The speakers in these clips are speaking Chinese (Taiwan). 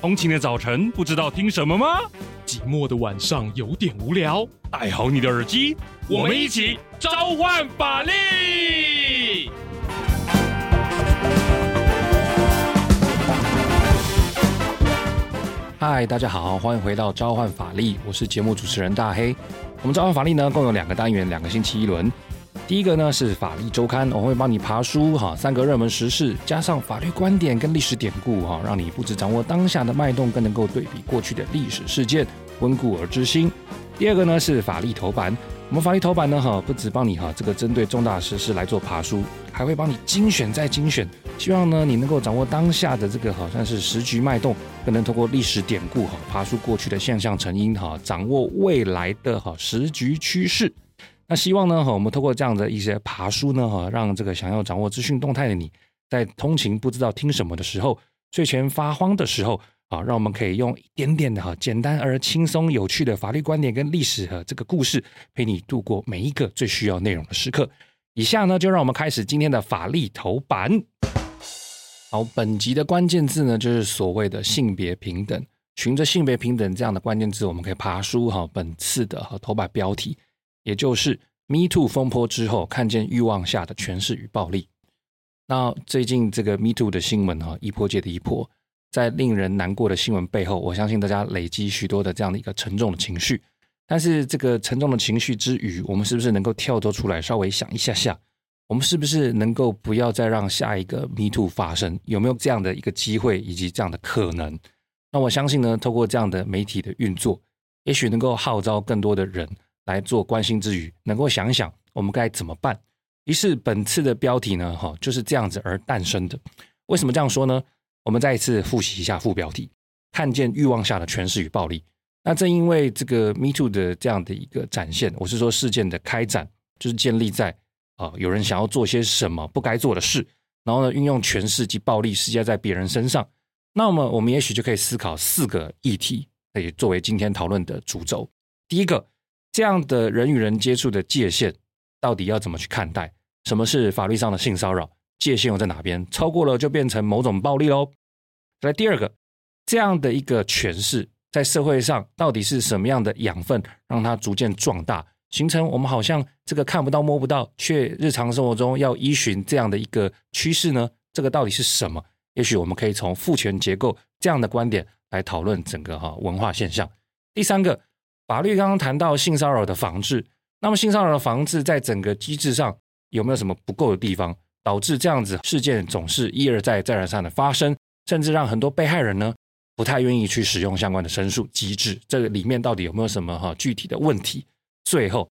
通勤的早晨不知道聽什麼嗎？寂寞的晚上有點無聊，戴好你的耳機，我們一起召喚法力！嗨，大家好，歡迎回到召喚法力，我是節目主持人大黑。我們召喚法力呢，共有兩個單元，兩個星期一輪。第一個呢是法律周刊，我會幫你爬梳哈，三個熱門時事加上法律觀點跟歷史典故哈，讓你不只掌握當下的脈動，更能夠對比過去的歷史事件，溫故而知新。第二個呢是法律頭版，我們法律頭版呢哈，不止幫你哈這個針對重大時事來做爬梳，還會幫你精選再精選，希望呢你能夠掌握當下的這個好像是時局脈動，更能透過歷史典故哈爬梳過去的現象成因哈，掌握未來的哈時局趨勢。那希望呢，我們透過這樣的一些爬梳呢，哈，讓這個想要掌握資訊動態的你，在通勤不知道聽什麼的時候、睡前發慌的時候，啊，讓我們可以用一點點的哈，簡單而輕鬆、有趣的法律觀點跟歷史和這個故事，陪你度過每一個最需要內容的時刻。以下呢，就讓我們開始今天的法律頭版。好，本集的關鍵字呢，就是所謂的性別平等。循着性別平等這樣的關鍵字，我們可以爬梳哈，本次的頭版標題。也就是 Me Too 風波之後，看見慾望下的權勢與暴力。那最近這個 Me Too 的新聞啊，一波接着一波，在令人難過的新聞背後，我相信大家累積許多的這樣的一個沉重的情緒。但是這個沉重的情緒之餘，我們是不是能夠跳脫出來，稍微想一下下，我們是不是能夠不要再讓下一個 Me Too 發生？有沒有這樣的一個機會，以及這樣的可能？那我相信呢，透過這樣的媒體的運作，也許能夠號召更多的人。來做關心之餘，能夠想想我們該怎麼辦。於是本次的標題呢，哈，就是這樣子而誕生的。為什麼這樣說呢？我們再一次複習一下副標題：看見慾望下的權勢與暴力。那正因為這個「MeToo」的這樣的一個展現，我是說事件的開展就是建立在啊、呃，有人想要做些什麼不該做的事，然後呢，運用權勢及暴力施加在別人身上。那麼我們也許就可以思考四個議題，可以作為今天討論的主軸。第一個。這樣的人與人接觸的界限到底要怎麼去看待？什麼是法律上的性騷擾？界限又在哪邊？超過了就變成某種暴力嘍。來第二個，這樣的一個詮釋在社會上到底是什麼樣的養分，讓它逐漸壯大，形成我們好像這個看不到摸不到，卻日常生活中要依循這樣的一個趨勢呢？這個到底是什麼？也許我們可以從父權結構這樣的觀點來討論整個哈文化現象。第三個。法律剛剛談到性騷擾的防治，那麼性騷擾的防治在整個機制上有沒有什麼不夠的地方，導致這樣子事件總是一而再、再而三的發生，甚至讓很多被害人呢不太願意去使用相關的申訴機制？這個裡面到底有沒有什麼哈具體的問題？最後，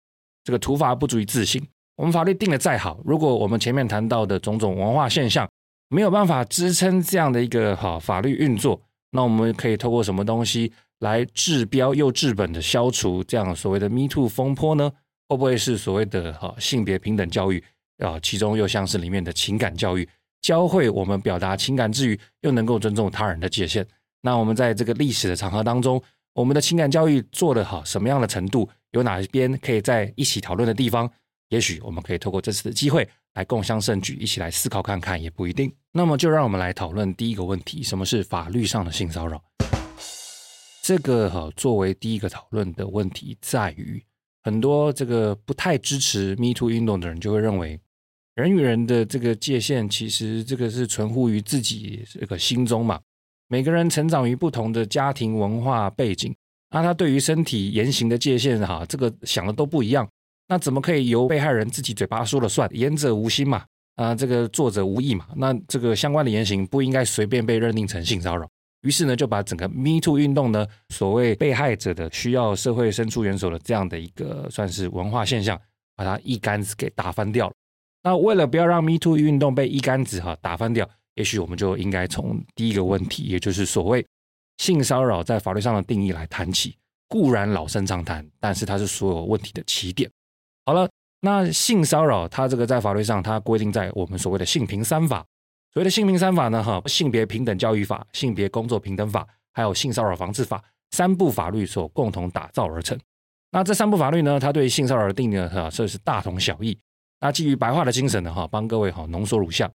這個徒法不足以自行，我們法律定的再好，如果我們前面談到的種種文化現象沒有辦法支撐這樣的一個哈法律運作，那我們可以透過什麼東西？來治標又治本的消除這樣所謂的 “me too” 風波呢？會不會是所謂的哈、啊、性別平等教育啊？其中又像是裡面的情感教育，教會我們表達情感之餘，又能夠尊重他人的界限。那我們在這個歷史的長河當中，我們的情感教育做得好、啊、什麼樣的程度？有哪一邊可以在一起討論的地方？也許我們可以透過這次的機會來共襄盛舉，一起來思考看看也不一定。那麼就讓我們來討論第一個問題：什麼是法律上的性騷擾？這個哈作為第一個討論的問題，在於很多這個不太支持 Me Too 運動的人就會認為，人與人的這個界限，其實這個是存乎於自己這個心中嘛。每個人成長於不同的家庭文化背景，啊，那他對於身體言行的界限哈，啊，這個想的都不一樣。那怎麼可以由被害人自己嘴巴說了算？言者無心嘛，啊，這個作者無意嘛，那這個相關的言行不應該隨便被認定成性騷擾。於是呢，就把整個 Me Too 運動呢，所謂被害者的需要社會伸出援手的這樣的一個算是文化現象，把它一竿子給打翻掉了。那為了不要讓 Me Too 運動被一竿子哈打翻掉，也許我們就應該從第一個問題，也就是所謂性騷擾在法律上的定義來談起。固然老生常談，但是它是所有問題的起點。好了，那性騷擾它這個在法律上，它規定在我們所謂的性平三法。所謂的性平三法呢，哈，性別平等教育法、性別工作平等法，還有性騷擾防治法，三部法律所共同打造而成。那這三部法律呢，它對性騷擾的定義呢，哈、呃，算是大同小異。那基於白話的精神呢，哈，幫各位哈濃縮如下：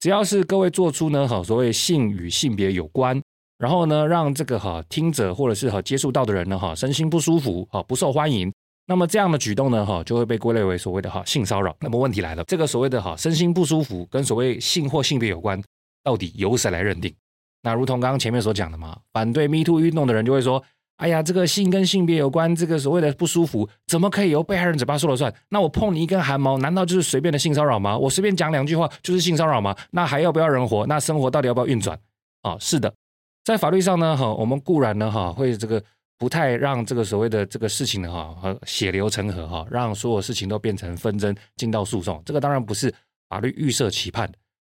只要是各位做出呢，哈，所謂性與性別有關，然後呢，讓這個哈聽者或者是哈接觸到的人呢，哈，身心不舒服，啊，不受歡迎。那麼這樣的舉動呢，哈，就會被歸類為所謂的哈性騷擾。那麼問題來了，這個所謂的哈身心不舒服跟所謂性或性別有關，到底由誰來認定？那如同剛剛前面所講的嘛，反對 Me Too 運動的人就會說，哎呀，這個性跟性別有關，這個所謂的不舒服，怎麼可以由被害人嘴巴說了算？那我碰你一根汗毛，難道就是隨便的性騷擾嗎？我隨便講兩句話就是性騷擾嗎？那還要不要人活？那生活到底要不要運轉？啊、哦，是的，在法律上呢，哈，我們固然呢，哈，會這個。不太讓這個所謂的這個事情的哈和血流成河哈，讓所有事情都變成紛爭進到訴訟，這個當然不是法律預設期盼。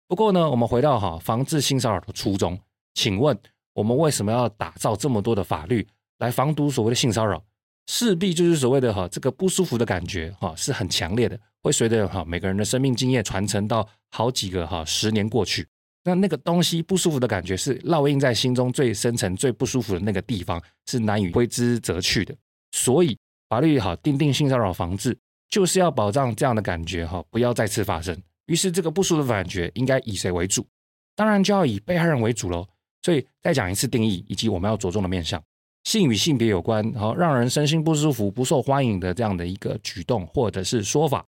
不過呢，我們回到哈防治性騷擾的初衷，請問我們為什麼要打造這麼多的法律來防堵所謂的性騷擾？勢必就是所謂的哈這個不舒服的感覺哈，是很強烈的，會隨着哈每個人的生命經驗傳承到好幾個哈十年過去。那那個東西不舒服的感覺，是烙印在心中最深層、最不舒服的那個地方，是難以揮之則去的。所以法律好，定定性騷擾防治，就是要保障這樣的感覺哈，不要再次發生。於是這個不舒服的感覺，應該以誰為主？當然就要以被害人為主嘍。所以再講一次定義，以及我們要着重的面向：性與性別有關，好讓人身心不舒服、不受歡迎的這樣的一個舉動或者是說法，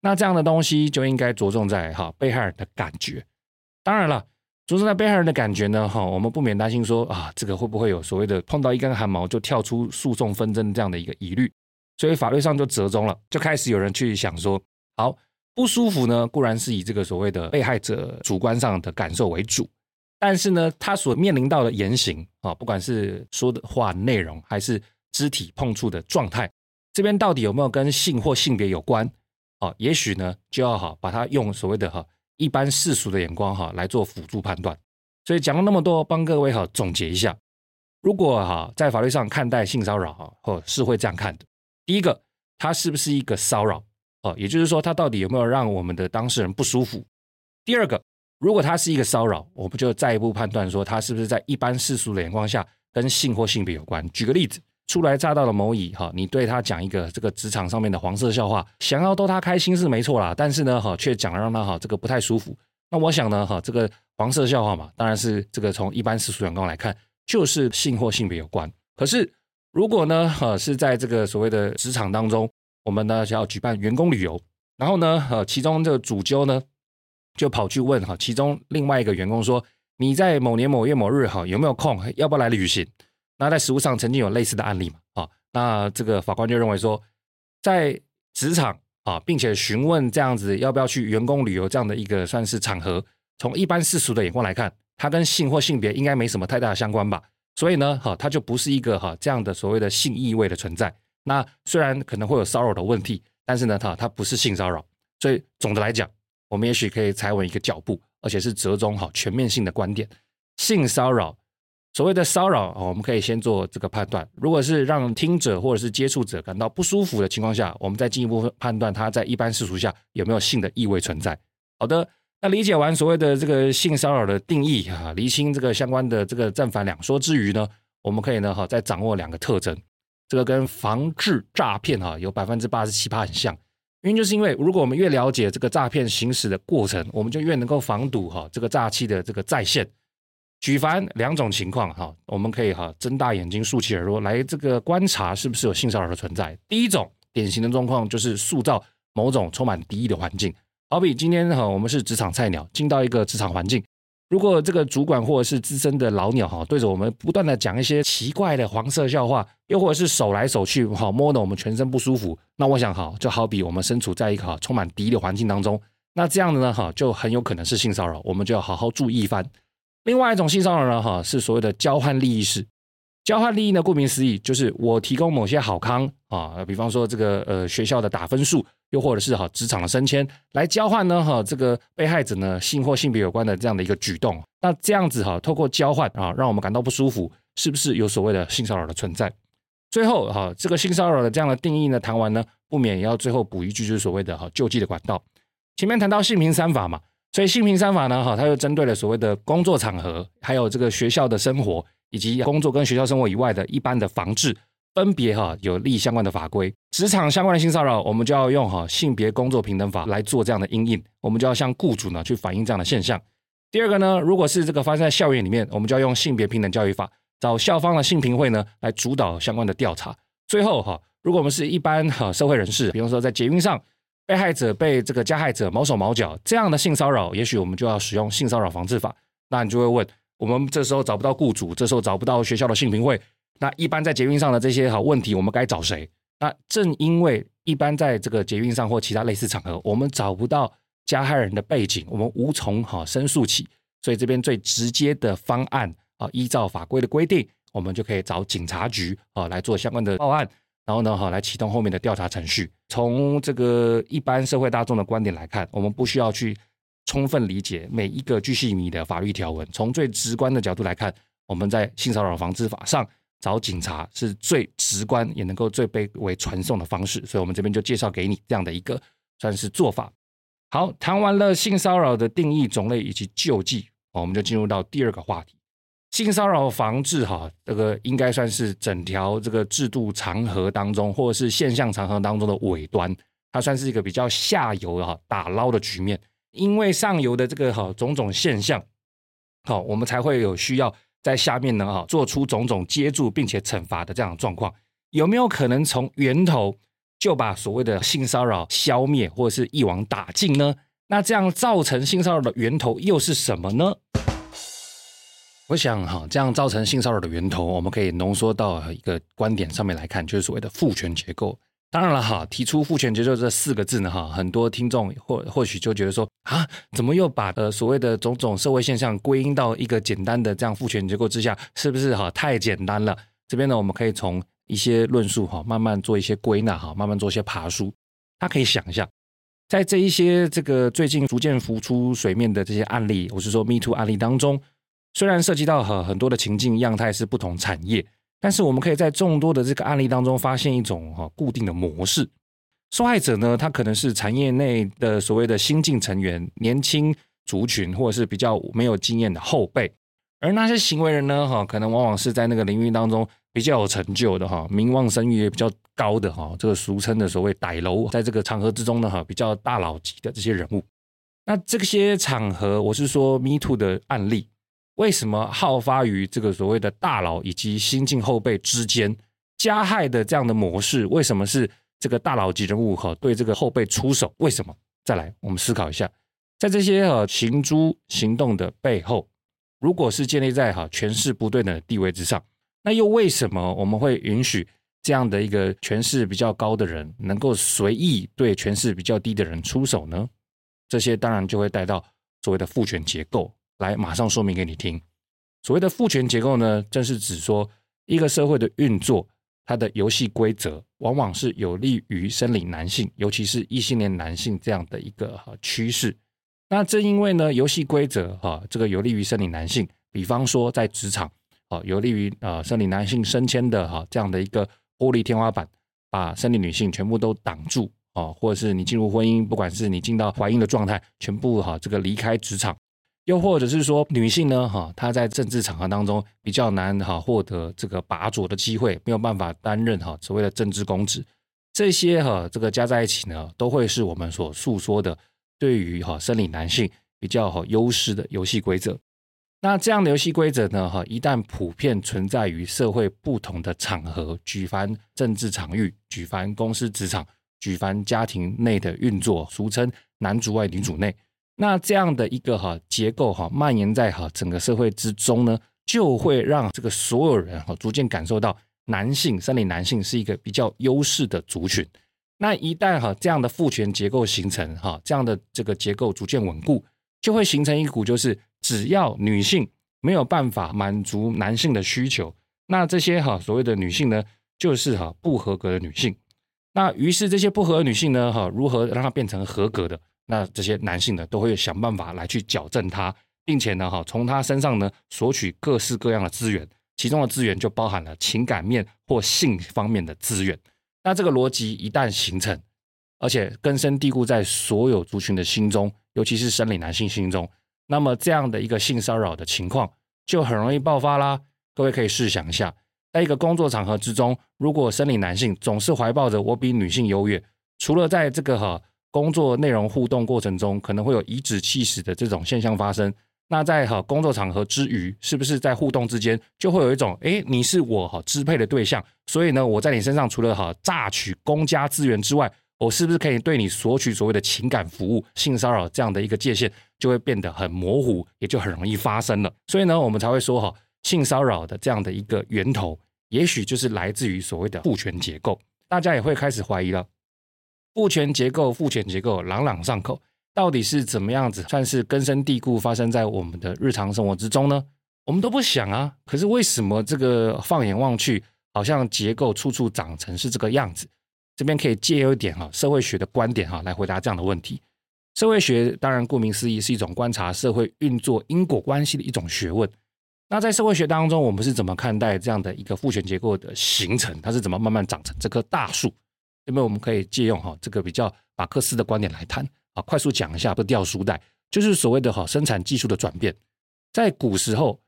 那這樣的東西就應該着重在哈被害人的感覺。當然了，說實在，被害人的感覺呢，哈，我們不免擔心說啊，這個會不會有所謂的碰到一根汗毛就跳出訴訟紛爭這樣的一個疑慮？所以法律上就折中了，就開始有人去想說，好，不舒服呢，固然是以這個所謂的被害者主觀上的感受為主，但是呢，他所面臨到的言行啊，不管是說的話內容還是肢體碰觸的狀態，這邊到底有沒有跟性或性別有關？啊，也許呢，就要好、啊、把它用所謂的哈。啊一般世俗的眼光哈來做輔助判斷，所以講了那麼多，幫各位哈總結一下。如果哈在法律上看待性騷擾哈，是會這樣看的。第一個，它是不是一個騷擾哦？也就是說，它到底有沒有讓我們的當事人不舒服？第二個，如果它是一個騷擾，我們就再一步判斷說，它是不是在一般世俗的眼光下跟性或性別有關？舉個例子。初來乍到的某乙哈，你對他講一個這個職場上面的黃色笑話，想要逗他開心是沒錯啦，但是呢哈，卻講讓他哈這個不太舒服。那我想呢哈，這個黃色笑話嘛，當然是這個從一般世俗眼光來看，就是性或性別有關。可是如果呢哈是在這個所謂的職場當中，我們呢想要舉辦員工旅遊，然後呢哈其中這個主揪呢就跑去問哈，其中另外一個員工說：“你在某年某月某日哈有沒有空，要不要來旅行？”那在實務上曾經有類似的案例嘛？啊，那這個法官就認為說，在職場啊，並且詢問這樣子要不要去員工旅遊這樣的一個算是場合，從一般世俗的眼光來看，它跟性或性別應該沒什麼太大的相關吧。所以呢，哈，它就不是一個哈這樣的所謂的性意味的存在。那雖然可能會有騷擾的問題，但是呢，它它不是性騷擾。所以總的來講，我們也許可以踩穩一個腳步，而且是折中好全面性的觀點，性騷擾。所謂的騷擾，我們可以先做這個判斷。如果是讓聽者或者是接觸者感到不舒服的情況下，我們再進一步判斷它在一般世俗下有沒有性的意味存在。好的，那理解完所謂的這個性騷擾的定義哈，釐清這個相關的這個正反兩說之餘呢，我們可以呢哈再掌握兩個特徵。這個跟防治詐騙哈有百分之八十七趴很像，因為就是因為如果我們越了解這個詐騙行駛的過程，我們就越能夠防堵哈這個詐欺的這個再現。舉凡兩種情況哈，我們可以哈睜大眼睛豎起耳朵來這個觀察是不是有性騷擾的存在。第一種典型的狀況就是塑造某種充滿敵意的環境，好比今天哈我們是職場菜鳥，進到一個職場環境，如果這個主管或者是資深的老鳥哈對着我們不斷地講一些奇怪的黃色笑話，又或者是手來手去哈摸得我們全身不舒服，那我想哈，就好比我們身處在一個充滿敵意的環境當中，那這樣的呢哈就很有可能是性騷擾，我們就要好好注意一番。另外一種性騷擾呢，哈，是所謂的交換利益式。交換利益呢，顧名思義，就是我提供某些好康啊，比方說這個呃學校的打分數，又或者是哈職場的升遷，來交換呢哈、啊、這個被害者呢性或性別有關的這樣的一個舉動。那這樣子哈、啊，透過交換啊，讓我們感到不舒服，是不是有所謂的性騷擾的存在？最後哈、啊，這個性騷擾的這樣的定義呢，談完呢，不免也要最後補一句，就是所謂的哈、啊、救濟的管道。前面談到性平三法嘛。所以性平三法呢，哈，它就針對了所謂的工作場合，還有這個學校的生活，以及工作跟學校生活以外的一般的防治，分別哈有立相關的法規。職場相關的性騷擾，我們就要用哈性別工作平等法來做這樣的因應，我們就要向雇主呢去反映這樣的現象。第二個呢，如果是這個發生在校園裡面，我們就要用性別平等教育法，找校方的性平會呢來主導相關的調查。最後哈，如果我們是一般哈社會人士，比方說在捷運上，被害者被這個加害者毛手毛腳這樣的性騷擾，也許我們就要使用性騷擾防治法。那你就會問，我們這時候找不到僱主，這時候找不到學校的性平會，那一般在捷運上的這些好問題，我們該找誰？那正因為一般在這個捷運上或其他類似場合，我們找不到加害人的背景，我們無從哈、啊、申訴起，所以這邊最直接的方案啊，依照法規的規定，我們就可以找警察局啊來做相關的報案。然後呢，no, no, 好，來啟動後面的調查程序。從這個一般社會大眾的觀點來看，我們不需要去充分理解每一個巨細靡的法律條文。從最直觀的角度來看，我們在性騷擾防治法上找警察是最直觀也能夠最被為傳送的方式。所以我們這邊就介紹給你這樣的一個算是做法。好，談完了性騷擾的定義、種類以及救濟，我們就進入到第二個話題。性騷擾防治哈，這個應該算是整條這個制度長河當中，或者是現象長河當中的尾端，它算是一個比較下游的哈打撈的局面。因為上游的這個哈種種現象，好，我們才會有需要在下面呢哈做出種種接住並且懲罰的這樣的狀況。有沒有可能從源頭就把所謂的性騷擾消滅，或者是一網打盡呢？那這樣造成性騷擾的源頭又是什麼呢？我想哈，這樣造成性騷擾的源頭，我們可以濃縮到一個觀點上面來看，就是所謂的父權結構。當然了哈，提出父權結構這四個字呢哈，很多聽眾或或許就覺得說啊，怎麼又把呃所謂的種種社會現象歸因到一個簡單的這樣父權結構之下，是不是哈太簡單了？這邊呢，我們可以從一些論述哈慢慢做一些歸納哈，慢慢做一些爬梳。大家可以想一下，在這一些這個最近逐漸浮出水面的這些案例，我是說 Me Too 案例當中。雖然涉及到很很多的情境樣態是不同產業，但是我們可以在眾多的這個案例當中發現一種哈固定的模式。受害者呢，他可能是產業內的所謂的新進成員、年輕族群，或者是比較沒有經驗的後輩；而那些行為人呢，哈可能往往是在那個領域當中比較有成就的哈、名望聲譽也比較高的哈，這個俗稱的所謂“歹樓”，在這個場合之中呢，哈比較大佬級的這些人物。那這些場合，我是說 “MeToo” 的案例。為什麼好發於這個所謂的大佬以及新晉後輩之間加害的這樣的模式？為什麼是這個大佬級人物哈對這個後輩出手？為什麼？再來，我們思考一下，在這些呃行諸行動的背後，如果是建立在哈權勢不對等的地位之上，那又為什麼我們會允許這樣的一個權勢比較高的人能夠隨意對權勢比較低的人出手呢？這些當然就會帶到所謂的父權結構。來，馬上說明給你聽。所謂的父權結構呢，正是指說一個社會的運作，它的遊戲規則往往是有利於生理男性，尤其是異性戀男性這樣的一個趨勢。那正因為呢，遊戲規則哈、啊，這個有利於生理男性，比方說在職場，啊，有利於啊生理男性升遷的哈、啊、這樣的一個玻璃天花板，把、啊、生理女性全部都擋住啊，或者是你進入婚姻，不管是你進到懷孕的狀態，全部哈、啊、這個離開職場。又或者是說，女性呢，哈，她在政治場合當中比較難哈獲得這個拔擢的機會，沒有辦法擔任哈所謂的政治公職。這些哈這個加在一起呢，都會是我們所訴說的對於哈生理男性比較好優勢的遊戲規則。那這樣的遊戲規則呢，哈，一旦普遍存在於社會不同的場合，舉凡政治場域、舉凡公司職場、舉凡家庭內的運作，俗稱男主外女主內。那這樣的一個哈結構哈蔓延在哈整個社會之中呢，就會讓這個所有人哈逐漸感受到男性身體，男性是一個比較優勢的族群。那一旦哈這樣的父權結構形成哈，這樣的這個結構逐漸穩固，就會形成一股就是只要女性沒有辦法滿足男性的需求，那這些哈所謂的女性呢，就是哈不合格的女性。那於是這些不合格女性呢，哈如何讓她變成合格的？那這些男性呢，都會想辦法來去矯正他，並且呢，哈，從他身上呢，索取各式各樣的資源，其中的資源就包含了情感面或性方面的資源。那這個邏輯一旦形成，而且根深蒂固在所有族群的心中，尤其是生理男性心中，那麼這樣的一個性騷擾的情況就很容易爆發啦。各位可以試想一下，在一個工作場合之中，如果生理男性總是懷抱着我比女性優越，除了在這個哈。工作內容互動過程中，可能會有頤指氣使的這種現象發生。那在哈工作場合之餘，是不是在互動之間，就會有一種誒、欸，你是我哈支配的對象，所以呢，我在你身上除了哈榨取公家資源之外，我是不是可以對你索取所謂的情感服務、性騷擾這樣的一個界限，就會變得很模糊，也就很容易發生了。所以呢，我們才會說哈性騷擾的這樣的一個源頭，也許就是來自於所謂的父權結構，大家也會開始懷疑了。父權結構，父權結構，朗朗上口，到底是怎麼樣子？算是根深蒂固，發生在我們的日常生活之中呢？我們都不想啊。可是為什麼這個放眼望去，好像結構處處長成是這個樣子？這邊可以借由一點哈，社會學的觀點哈，來回答這樣的問題。社會學當然顧名思義是一種觀察社會運作因果關係的一種學問。那在社會學當中，我們是怎麼看待這樣的一個父權結構的形成？它是怎麼慢慢長成這棵大樹？因為我們可以借用哈這個比較馬克思的觀點來談，啊，快速講一下不掉書袋，就是所謂的哈生產技術的轉變。在古時候，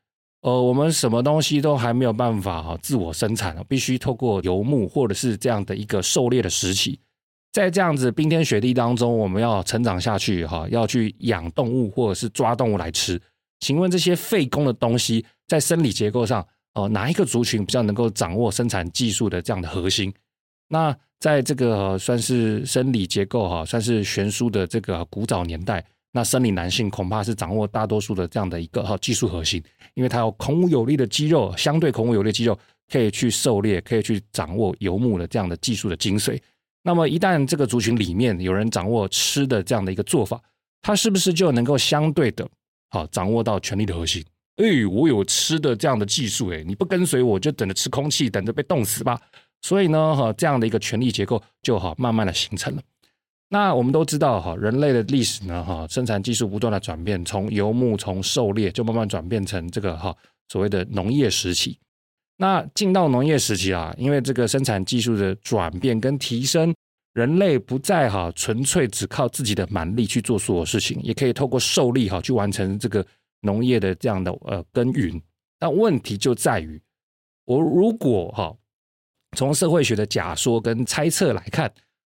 呃，我們什麼東西都還沒有辦法哈自我生產，必須透過游牧或者是這樣的一個狩獵的時期，在這樣子冰天雪地當中，我們要成長下去哈，要去養動物或者是抓動物來吃。請問這些費工的東西，在生理結構上，呃，哪一個族群比較能夠掌握生產技術的這樣的核心？那在這個算是生理結構哈，算是懸殊的這個古早年代，那生理男性恐怕是掌握大多數的這樣的一個技術核心，因為他有孔武有力的肌肉，相對孔武有力的肌肉可以去狩獵，可以去掌握游牧的這樣的技術的精髓。那麼一旦這個族群裡面有人掌握吃的這樣的一個做法，他是不是就能夠相對的，掌握到權力的核心？哎，我有吃的這樣的技術，哎，你不跟隨我，我就等着吃空氣，等着被凍死吧。所以呢，哈，這樣的一個權力結構就好慢慢的形成了。那我們都知道哈，人類的歷史呢，哈，生產技術不斷的轉變，從游牧、從狩獵，就慢慢轉變成這個哈所謂的農業時期。那進到農業時期啦、啊，因為這個生產技術的轉變跟提升，人類不再哈純粹只靠自己的蠻力去做所有事情，也可以透過獸力哈去完成這個農業的這樣的呃耕耘。但問題就在於，我如果哈。從社會學的假說跟猜測來看，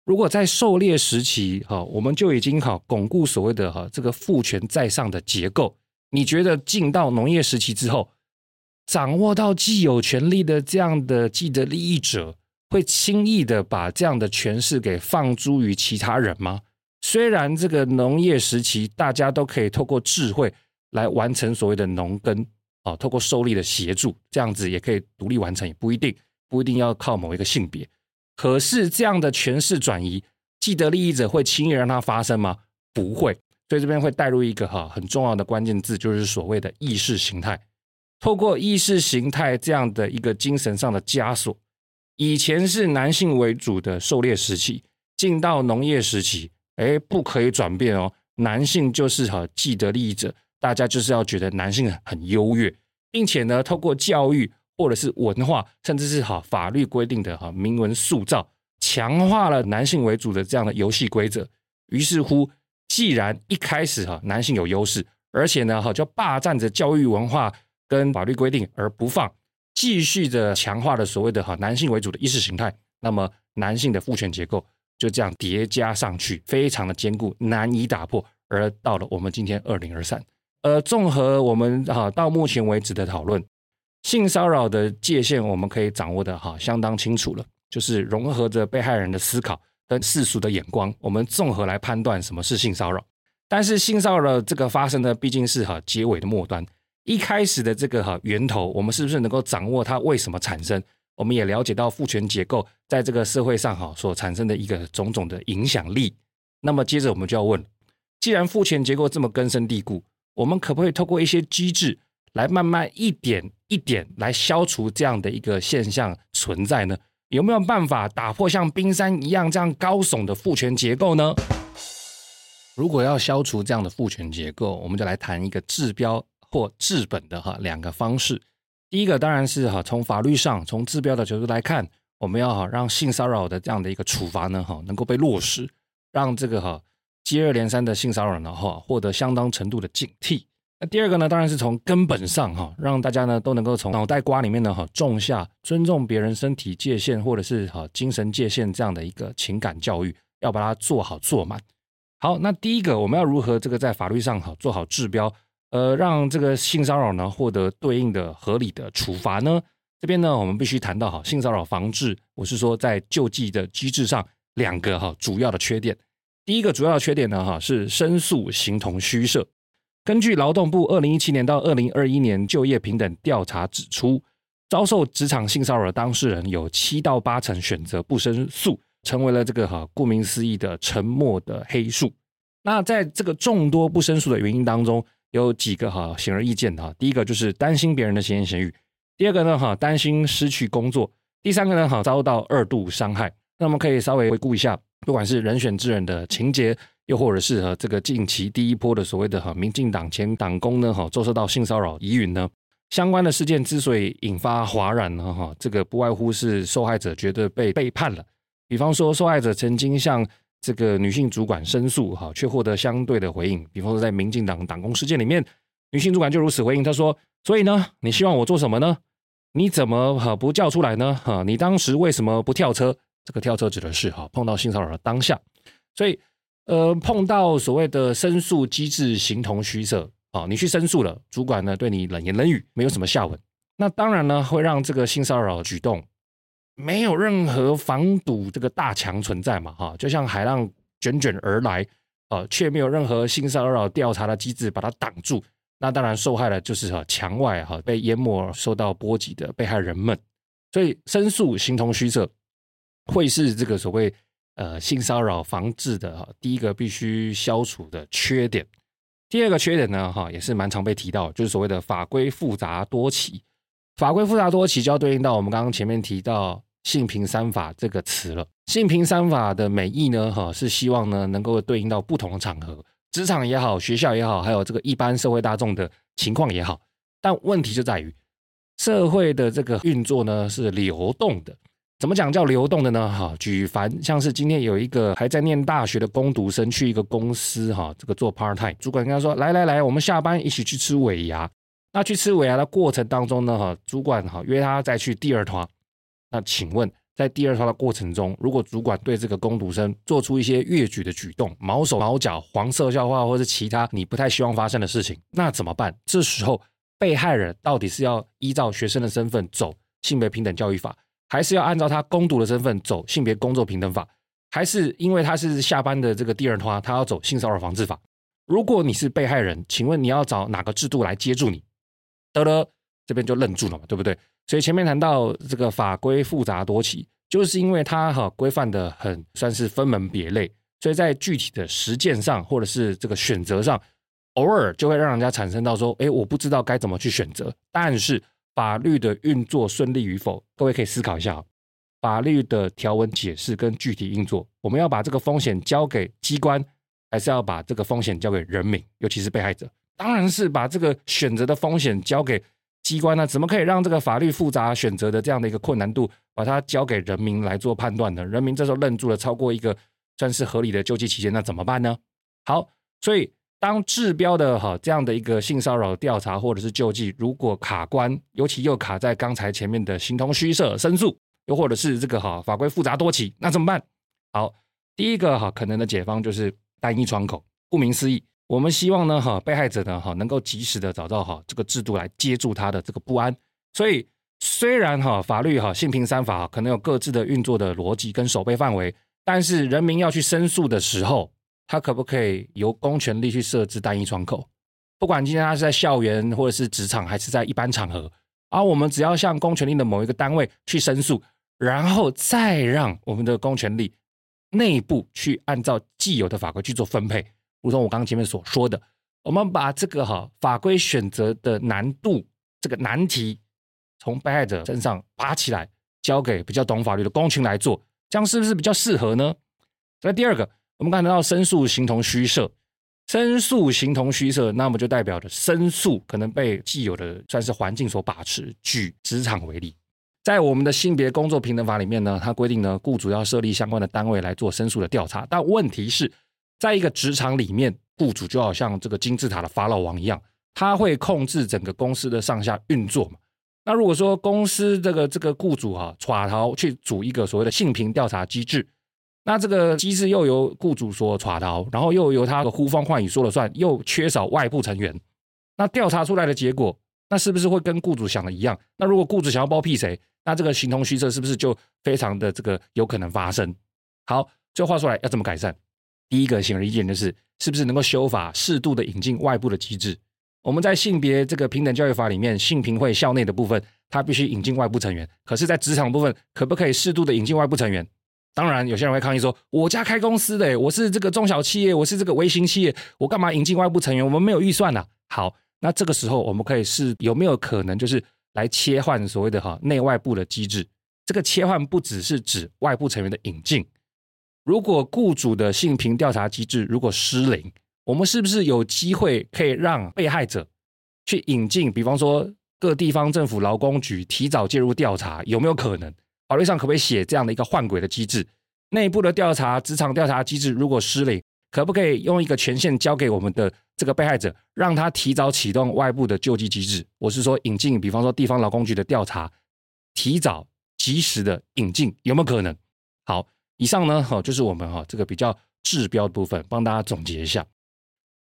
如果在狩獵時期哈，我們就已經哈鞏固所謂的哈這個父權在上的結構。你覺得進到農業時期之後，掌握到既有權利的這樣的既得利益者，會輕易的把這樣的權勢給放諸於其他人嗎？雖然這個農業時期，大家都可以透過智慧來完成所謂的農耕啊，透過獸力的協助，這樣子也可以獨立完成，也不一定。不一定要靠某一個性別，可是這樣的權勢轉移，既得利益者會輕易讓它發生嗎？不會。所以這邊會帶入一個哈很重要的關鍵字，就是所謂的意識形態。透過意識形態這樣的一個精神上的枷鎖，以前是男性為主的狩獵時期，進到農業時期，誒，不可以轉變哦。男性就是哈既得利益者，大家就是要覺得男性很優越，並且呢，透過教育。或者是文化，甚至是哈法律規定的哈明文塑造，強化了男性為主的這樣的遊戲規則。於是乎，既然一開始哈男性有優勢，而且呢哈就霸佔着教育文化跟法律規定而不放，繼續着強化了所謂的哈男性為主的意識形態，那麼男性的父權結構就這樣疊加上去，非常的堅固，難以打破。而到了我們今天二零二三，呃，綜合我們哈到目前為止的討論，性騷擾的界限，我們可以掌握的哈相當清楚了，就是融合着被害人的思考跟世俗的眼光，我們綜合來判斷什麼是性騷擾。但是性騷擾的這個發生呢，畢竟是哈結尾的末端，一開始的這個哈源頭，我們是不是能夠掌握它為什麼產生？我們也了解到父權結構在這個社會上哈所產生的一個種種的影響力。那麼接着我們就要問：既然父權結構這麼根深蒂固，我們可不可以透過一些機制來慢慢一點一點來消除這樣的一個現象存在呢？有沒有辦法打破像冰山一樣這樣高聳的父權結構呢？如果要消除這樣的父權結構，我們就來談一個治標或治本的哈兩個方式。第一個當然是哈從法律上從治標的角度來看，我們要哈讓性騷擾的這樣的一個處罰呢哈能夠被落實，讓這個哈接二連三的性騷擾呢哈獲得相當程度的警惕。那第二個呢，當然是從根本上哈，讓大家呢都能夠從腦袋瓜裡面呢哈，種下尊重別人身體界限或者是哈精神界限這樣的一個情感教育，要把它做好做滿。好，那第一個我們要如何這個在法律上哈做好治標，呃，讓這個性騷擾呢獲得對應的合理的處罰呢？這邊呢我們必須談到哈，性騷擾防治，我是說在救濟的機制上兩個哈主要的缺點。第一個主要的缺點呢哈是申訴形同虛設。根據勞動部二零一七年到二零二一年就業平等調查指出，遭受職場性騷擾的當事人有七到八成選擇不申訴，成為了這個哈顧名思義的沉默的黑數。那在這個眾多不申訴的原因當中，有幾個哈顯而易見的哈，第一個就是擔心別人的閒言閒語，第二個呢哈擔心失去工作，第三個呢哈遭到二度傷害。那我們可以稍微回顧一下，不管是人選之人的情節。又或者，是和這個近期第一波的所謂的哈民進黨前黨工呢，哈遭受到性騷擾疑雲呢相關的事件，之所以引發譁然呢，哈，這個不外乎是受害者覺得被背叛了。比方說，受害者曾經向這個女性主管申訴，哈，卻獲得相對的回應。比方說，在民進黨黨工事件裡面，女性主管就如此回應，她說：“所以呢，你希望我做什麼呢？你怎麼哈不叫出來呢？哈，你當時為什麼不跳車？”這個跳車指的是哈碰到性騷擾的當下，所以。呃，碰到所謂的申訴機制形同虛設啊，你去申訴了，主管呢對你冷言冷語，沒有什麼下文。那當然呢，會讓這個性騷擾舉動沒有任何防堵這個大牆存在嘛？哈、啊，就像海浪捲捲，捲而來，呃、啊，卻沒有任何性騷擾調查的機制把它擋住。那當然，受害的就是哈、啊、牆外哈、啊、被淹沒、受到波及的被害人們。所以申訴形同虛設，會是這個所謂。呃，性騷擾防治的哈，第一個必須消除的缺點，第二個缺點呢，哈，也是蠻常被提到，就是所謂的法規複雜多歧，法規複雜多歧就要對應到我們剛剛前面提到“性平三法”這個詞了。“性平三法”的美意呢，哈，是希望呢能夠對應到不同的場合，職場也好，學校也好，還有這個一般社會大眾的情況也好。但問題就在於，社會的這個運作呢是流動的。怎麼講叫流動的呢？哈、啊，舉凡像是今天有一個還在念大學的工讀生去一個公司哈、啊，這個做 part time，主管跟他說：“來來來，我們下班一起去吃尾牙。”那去吃尾牙的過程當中呢，哈、啊，主管哈、啊、約他再去第二攤。那請問，在第二攤的過程中，如果主管對這個工讀生做出一些越矩的舉動，毛手毛腳、黃色笑話，或是其他你不太希望發生的事情，那怎麼辦？這時候，被害人到底是要依照學生的身份走性別平等教育法？還是要按照他工讀的身份走性別工作平等法，還是因為他是下班的這個第二的話，他要走性騷擾防治法？如果你是被害人，請問你要找哪個制度來接住你？得了，這邊就愣住了嘛，對不對？所以前面談到這個法規複雜多歧就是因為它哈、啊、規範得很算是分門別類，所以在具體的實踐上或者是這個選擇上，偶爾就會讓人家産生到說，哎，我不知道該怎麼去選擇，但是。法律的運作順利與否，各位可以思考一下。法律的條文解釋跟具體運作，我們要把這個風險交給機關，還是要把這個風險交給人民，尤其是被害者？當然是把這個選擇的風險交給機關呢？怎麼可以讓這個法律複雜選擇的這樣的一個困難度，把它交給人民來做判斷呢？人民這時候愣住了，超過一個算是合理的救濟期間，那怎麼辦呢？好，所以。當治標的哈，這樣的一個性騷擾調查或者是救濟，如果卡關，尤其又卡在剛才前面的形同虛設申訴，又或者是這個哈法規複雜多歧，那怎麼辦？好，第一個哈可能的解方就是單一窗口。顧名思義，我們希望呢哈，被害者呢哈能夠及時的找到哈這個制度來接住他的這個不安。所以雖然哈法律哈性平三法可能有各自的運作的邏輯跟守備範圍，但是人民要去申訴的時候，他可不可以由公權力去設置單一窗口？不管今天他是在校園，或者是職場，還是在一般場合，啊，我們只要向公權力的某一個單位去申訴，然後再讓我們的公權力內部去按照既有的法規去做分配。如同我剛剛前面所說的，我們把這個哈法規選擇的難度這個難題從被害者身上拔起來，交給比較懂法律的公權來做，這樣是不是比較適合呢？那第二個。我們看得到申訴形同虛設，申訴形同虛設，那麼就代表著申訴可能被既有的算是環境所把持。舉職場為例，在我們的性別工作平等法裡面呢，它規定呢，雇主要設立相關的單位來做申訴的調查。但問題是在一個職場裡面，雇主就好像這個金字塔的法老王一樣，他會控制整個公司的上下運作嘛。那如果說公司這個這個雇主哈、啊，耍逃去組一個所謂的性平調查機制。那這個機制又由雇主所主導，然後又由他的呼風喚雨說了算，又缺少外部成員。那調查出來的結果，那是不是會跟雇主想的一樣？那如果雇主想要包庇誰，那這個形同虛設，是不是就非常的這個有可能發生？好，這話說來要怎麼改善。第一個顯而易見的就是，是不是能夠修法適度的引進外部的機制？我們在性別這個平等教育法裡面，性平會校內的部分，它必須引進外部成員。可是，在職場部分，可不可以適度的引進外部成員？當然，有些人會抗議說：“我家開公司的，我是這個中小企業，我是這個微型企業，我幹嘛引進外部成員？我們沒有預算吶。”好，那這個時候我們可以是有沒有可能就是來切換所謂的哈內外部的機製？這個切換不只是指外部成員的引進。如果雇主的性平調查機制如果失靈，我們是不是有機會可以讓被害者去引進？比方說各地方政府勞工局提早介入調查，有沒有可能？法律上可不可以寫這樣的一個換軌的機制？內部的調查、職場調查機制如果失靈，可不可以用一個權限交給我們的這個被害者，讓他提早啟動外部的救濟機制？我是說，引進，比方說地方勞工局的調查，提早、及時的引進，有沒有可能？好，以上呢，哈，就是我們哈這個比較治標的部分，幫大家總結一下。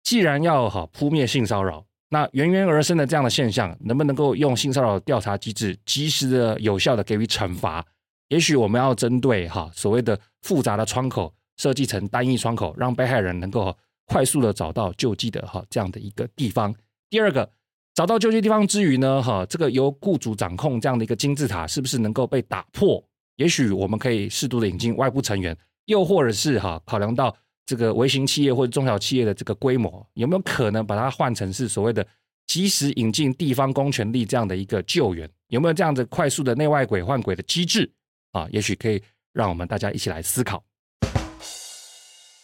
既然要好撲滅性騷擾，那源源而生的這樣的現象，能不能夠用性騷擾的調查機制及時的、有效的給予懲罰？也許我們要針對哈所謂的複雜的窗口設計成單一窗口，讓被害人能夠快速的找到救濟的哈這樣的一個地方。第二個，找到救濟地方之余呢，哈這個由雇主掌控這樣的一個金字塔是不是能夠被打破？也許我們可以適度的引進外部成員，又或者是哈考量到這個微型企業或者中小企業的這個規模，有沒有可能把它換成是所謂的及時引進地方公權力這樣的一個救援？有沒有這樣子快速的內外軌換軌的機制？啊，也許可以讓我們大家一起來思考。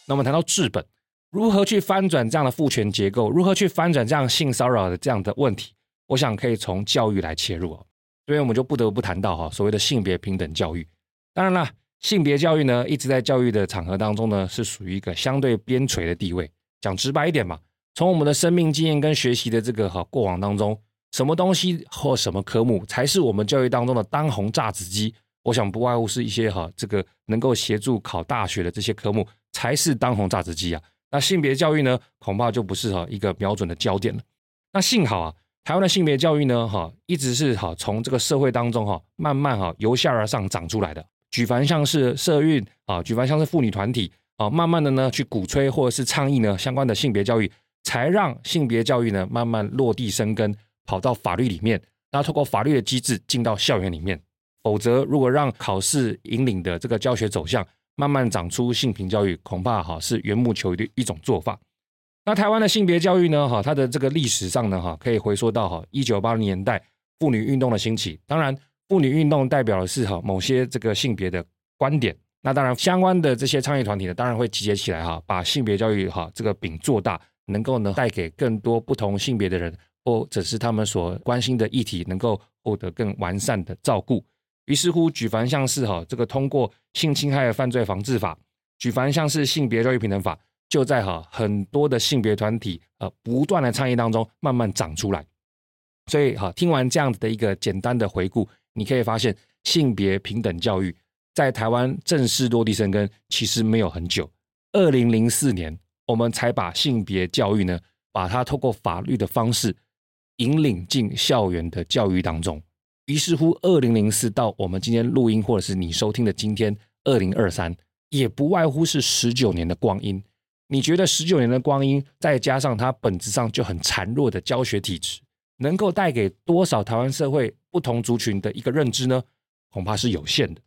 那我們談到治本，如何去翻轉這樣的父權結構，如何去翻轉這樣性騷擾的這樣的問題？我想可以從教育來切入哦，所以我們就不得不談到哈所謂的性別平等教育。當然啦，性別教育呢，一直在教育的場合當中呢，是屬於一個相對邊陲的地位。講直白一點嘛，從我們的生命經驗跟學習的這個哈過往當中，什麼東西或什麼科目才是我們教育當中的當紅炸子雞？我想不外乎是一些哈、啊，這個能夠協助考大學的這些科目才是當紅炸子雞啊。那性別教育呢，恐怕就不是哈一個瞄準的焦點了。那幸好啊，台灣的性別教育呢，哈、啊、一直是哈從這個社會當中哈、啊、慢慢哈、啊、由下而上長出來的。舉凡像是社運啊，舉凡像是婦女團體啊，慢慢的呢去鼓吹或者是倡議呢相關的性別教育，才讓性別教育呢慢慢落地生根，跑到法律裡面，那透過法律的機制進到校園裡面。否則，如果讓考試引領的這個教學走向慢慢長出性平教育，恐怕哈是緣木求魚的一種做法。那台灣的性別教育呢，哈，它的這個歷史上呢，哈，可以回溯到哈一九八零年代婦女運動的興起。當然，婦女運動代表的是哈某些這個性別的觀點。那當然，相關的這些倡議團體呢，當然會集結起來哈，把性別教育哈這個餅做大，能夠呢帶給更多不同性別的人，或者是他們所關心的議題，能夠獲得更完善的照顧。於是乎，舉凡像是哈這個通過性侵害的犯罪防治法，舉凡像是性別教育平等法，就在哈很多的性別團體啊不斷的倡議當中，慢慢長出來。所以哈，聽完這樣子的一個簡單的回顧，你可以發現性別平等教育在台灣正式落地生根其實沒有很久。二零零四年，我們才把性別教育呢，把它透過法律的方式引領進校園的教育當中。於是乎，二零零四到我們今天錄音，或者是你收聽的今天二零二三，也不外乎是十九年的光陰。你覺得十九年的光陰，再加上它本質上就很孱弱的教學體制，能夠帶給多少台灣社會不同族群的一個認知呢？恐怕是有限的。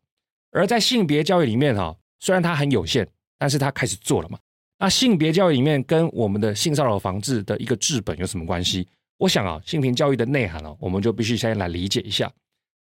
而在性別教育裡面，哦，哈，雖然它很有限，但是它開始做了嘛。那性別教育裡面跟我們的性騷擾防治的一個治本有什麼關係？我想啊，性別教育的內涵哦、啊，我們就必須先來理解一下，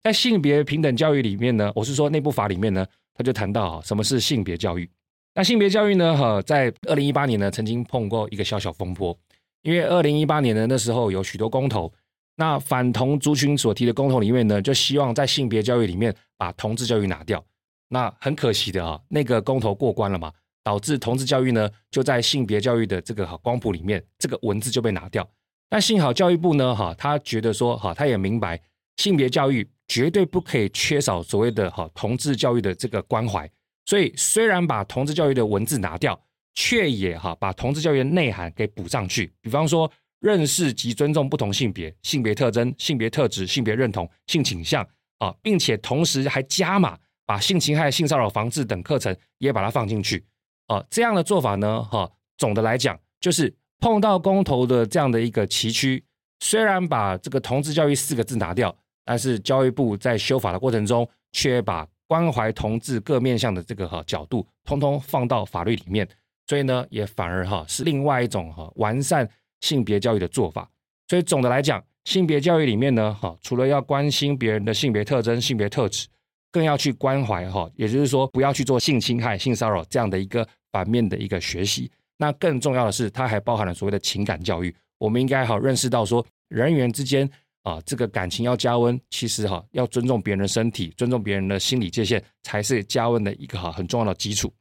在性別平等教育裡面呢，我是說內部法裡面呢，他就談到啊，什麼是性別教育？那性別教育呢，哈，在二零一八年呢，曾經碰過一個小小風波，因為二零一八年呢，那時候有許多公投，那反同族群所提的公投裡面呢，就希望在性別教育裡面把同志教育拿掉。那很可惜的啊，那個公投過關了嘛，導致同志教育呢就在性別教育的這個光譜裡面，這個文字就被拿掉。但幸好教育部呢，哈，他覺得說，哈，他也明白性別教育絕對不可以缺少所謂的哈同志教育的這個關懷，所以雖然把同志教育的文字拿掉，卻也哈把同志教育的內涵給補上去，比方說認識及尊重不同性別、性別特徵、性別特質、性別認同、性傾向啊，並且同時還加碼把性侵害、性騷擾防治等課程也把它放進去啊，這樣的做法呢，哈，總的來講就是。碰到公投的這樣的一個崎嶇，雖然把這個同志教育四個字拿掉，但是教育部在修法的過程中，卻把關懷同志各面向的這個哈角度，通通放到法律裡面，所以呢，也反而哈是另外一種哈完善性別教育的做法。所以總的來講，性別教育裡面呢，哈除了要關心別人的性別特徵、性別特質，更要去關懷哈，也就是說，不要去做性侵害、性騷擾這樣的一個反面的一個學習。那更重要的是，它還包含了所謂的情感教育。我們應該好認識到，說人與人之間啊，這個感情要加溫，其實哈，要尊重別人的身體，尊重別人的心理界限，才是加溫的一個哈很重要的基礎。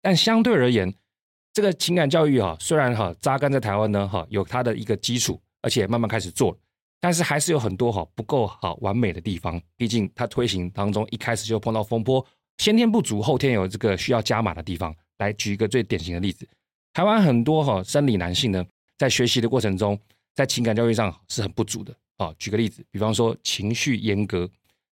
但相對而言，這個情感教育哈，雖然哈扎根在台灣呢哈，有它的一個基礎，而且慢慢開始做，但是還是有很多哈不夠好完美的地方。畢竟它推行當中一開始就碰到風波，先天不足，後天有這個需要加碼的地方。來舉一個最典型的例子。台灣很多哈、哦、生理男性呢，在學習的過程中，在情感教育上是很不足的啊。舉個例子，比方說情緒嚴格，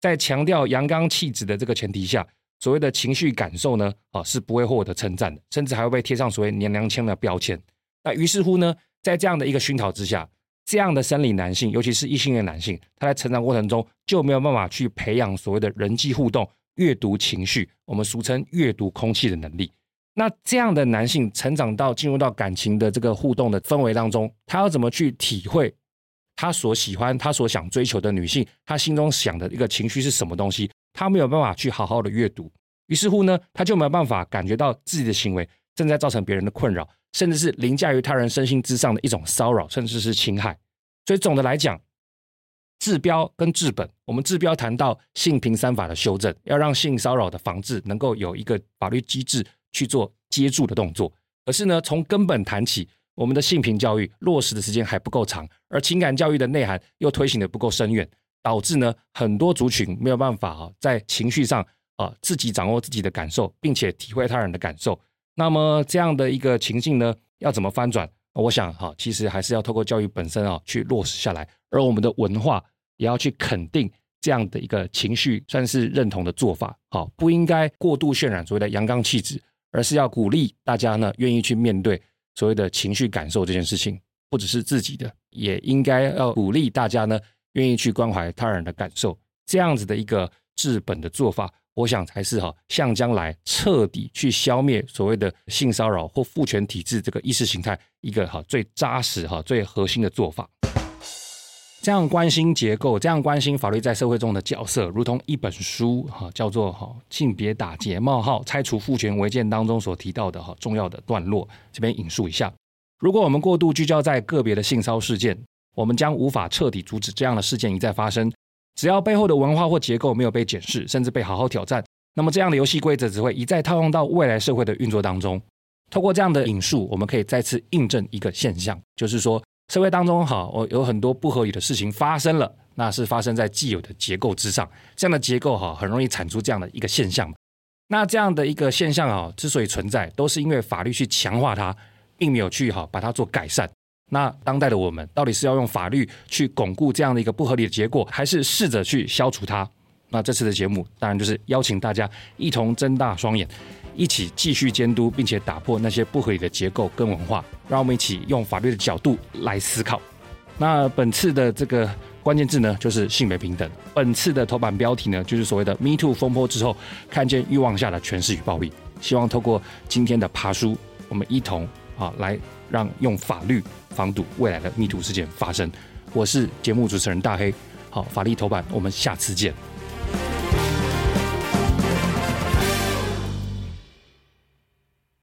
在強調陽剛氣質的這個前提下，所謂的情緒感受呢，啊是不會獲得稱讚的，甚至還會被貼上所謂“娘娘腔”的標籤。那於是乎呢，在這樣的一個熏陶之下，這樣的生理男性，尤其是異性的男性，他在成長過程中就沒有辦法去培養所謂的人際互動、閱讀情緒，我們俗稱閱讀空氣的能力。那這樣的男性成長到進入到感情的這個互動的氛圍當中，他要怎麼去體會他所喜歡、他所想追求的女性，他心中想的一個情緒是什麼東西？他沒有辦法去好好的閱讀，於是乎呢，他就沒有辦法感覺到自己的行為正在造成別人的困擾，甚至是凌駕於他人身心之上的一種騷擾，甚至是侵害。所以總的來講，治標跟治本，我們治標談到性平三法的修正，要讓性騷擾的防治能夠有一個法律機制。去做接住的動作，而是呢，從根本談起，我們的性平教育落實的時間還不夠長，而情感教育的內涵又推行的不夠深遠，導致呢，很多族群沒有辦法啊，在情緒上啊、呃，自己掌握自己的感受，並且體會他人的感受。那麼這樣的一個情境呢，要怎麼翻轉？我想哈，其實還是要透過教育本身啊，去落實下來，而我們的文化也要去肯定這樣的一個情緒，算是認同的做法。好，不應該過度渲染所謂的陽剛氣質。而是要鼓勵大家呢，願意去面對所謂的情緒感受這件事情，不只是自己的，也應該要鼓勵大家呢，願意去關懷他人的感受，這樣子的一個治本的做法，我想才是哈，像將來徹底去消滅所謂的性騷擾或父權體制這個意識形態一個哈最扎實哈最核心的做法。這樣關心結構，這樣關心法律在社會中的角色，如同一本書哈、啊，叫做《哈、啊、性別打結冒號拆除父權違建》當中所提到的哈、啊、重要的段落，這邊引述一下：如果我們過度聚焦在個別的性騷事件，我們將無法徹底阻止這樣的事件一再發生。只要背後的文化或結構沒有被檢視，甚至被好好挑戰，那麼這樣的遊戲規則只會一再套用到未來社會的運作當中。透過這樣的引述，我們可以再次印證一個現象，就是說，社會當中，好，我有很多不合理的事情發生了，那是發生在既有的結構之上，這樣的結構哈，很容易產出這樣的一個現象。那這樣的一個現象啊，之所以存在，都是因為法律去強化它，並沒有去好把它做改善。那當代的我們，到底是要用法律去鞏固這樣的一個不合理的結果，還是試着去消除它？那這次的節目，當然就是邀請大家一同睜大雙眼。一起繼續監督，並且打破那些不合理的結構跟文化。讓我們一起用法律的角度來思考。那本次的這個關鍵字呢，就是性別平等。本次的頭版標題呢，就是所謂的 “Me Too” 風波之後，看見慾望下的詮釋與暴力。希望透過今天的爬梳，我們一同啊，來讓用法律防堵未來的 “Me Too” 事件發生。我是節目主持人大黑。好，法律頭版，我們下次見。